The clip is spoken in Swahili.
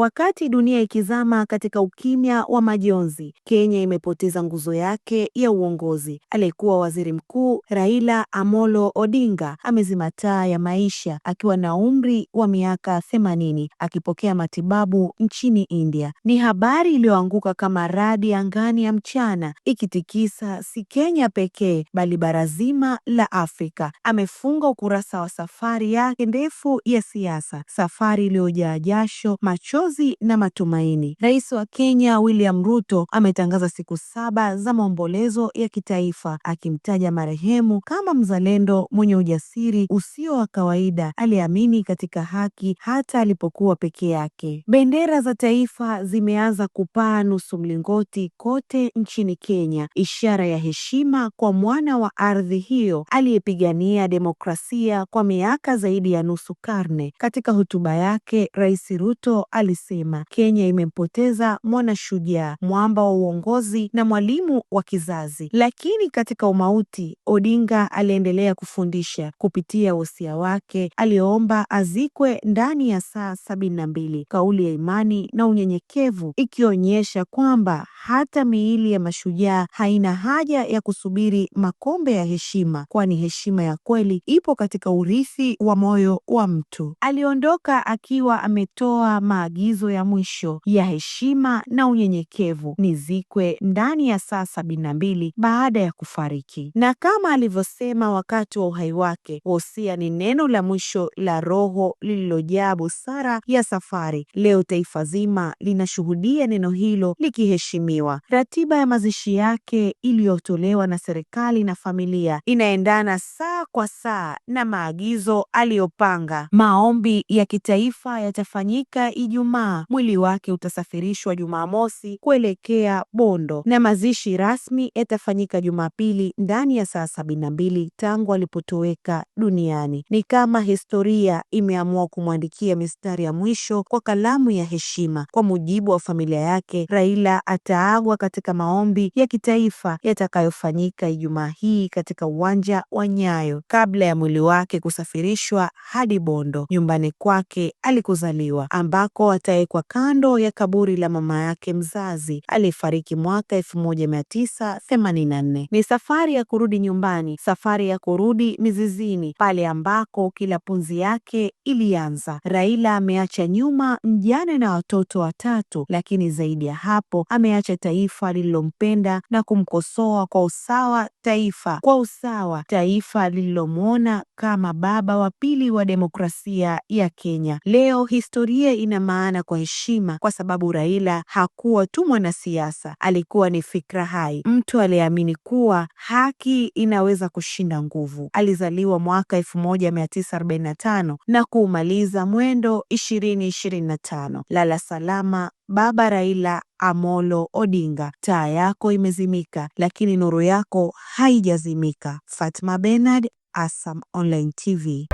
Wakati dunia ikizama katika ukimya wa majonzi, Kenya imepoteza nguzo yake ya uongozi. Aliyekuwa waziri mkuu Raila Amolo Odinga amezima taa ya maisha akiwa na umri wa miaka themanini, akipokea matibabu nchini India. Ni habari iliyoanguka kama radi angani ya mchana, ikitikisa si Kenya pekee, bali bara zima la Afrika. Amefunga ukurasa wa safari yake ndefu ya siasa, safari iliyojaa jasho, machozi mageuzi na matumaini. Rais wa Kenya William Ruto ametangaza siku saba za maombolezo ya kitaifa, akimtaja marehemu kama mzalendo mwenye ujasiri usio wa kawaida aliyeamini katika haki hata alipokuwa peke yake. Bendera za taifa zimeanza kupaa nusu mlingoti kote nchini Kenya, ishara ya heshima kwa mwana wa ardhi hiyo aliyepigania demokrasia kwa miaka zaidi ya nusu karne. Katika hotuba yake, Rais Ruto ali amesema Kenya imempoteza mwanashujaa, mwamba wa uongozi na mwalimu wa kizazi. Lakini katika umauti, Odinga aliendelea kufundisha. Kupitia wosia wake, aliomba azikwe ndani ya saa sabini na mbili, kauli ya imani na unyenyekevu ikionyesha kwamba hata miili ya mashujaa haina haja ya kusubiri makombe ya heshima, kwani heshima ya kweli ipo katika urithi wa moyo wa mtu. Aliondoka akiwa ametoa maagizo maagizo ya mwisho ya heshima na unyenyekevu nizikwe ndani ya saa sabini na mbili baada ya kufariki. Na kama alivyosema wakati wa uhai wake, wosia ni neno la mwisho la Roho lililojaa busara ya safari. Leo taifa zima linashuhudia neno hilo likiheshimiwa. Ratiba ya mazishi yake iliyotolewa na serikali na familia inaendana saa kwa saa na maagizo aliyopanga. Maombi ya kitaifa yatafanyika Ijumaa Ijumaa. Mwili wake utasafirishwa Jumamosi kuelekea Bondo na mazishi rasmi yatafanyika Jumapili ndani ya saa sabini na mbili tangu alipotoweka duniani. Ni kama historia imeamua kumwandikia mistari ya mwisho kwa kalamu ya heshima. Kwa mujibu wa familia yake, Raila ataagwa katika maombi ya kitaifa yatakayofanyika Ijumaa hii katika uwanja wa Nyayo kabla ya mwili wake kusafirishwa hadi Bondo, nyumbani kwake alikuzaliwa ambako ataekwa kando ya kaburi la mama yake mzazi aliyefariki mwaka 1984. Ni safari ya kurudi nyumbani, safari ya kurudi mizizini, pale ambako kila punzi yake ilianza. Raila ameacha nyuma mjane na watoto watatu, lakini zaidi ya hapo ameacha taifa lililompenda na kumkosoa kwa usawa, taifa kwa usawa, taifa lililomwona kama baba wa pili wa demokrasia ya Kenya. Leo historia ina maana maana kwa heshima, kwa sababu Raila hakuwa tu mwanasiasa, alikuwa ni fikra hai, mtu aliyeamini kuwa haki inaweza kushinda nguvu. Alizaliwa mwaka 1945 na kuumaliza mwendo 2025. Lala salama Baba Raila Amolo Odinga. Taa yako imezimika, lakini nuru yako haijazimika. Fatma Bernard, ASAM Online TV.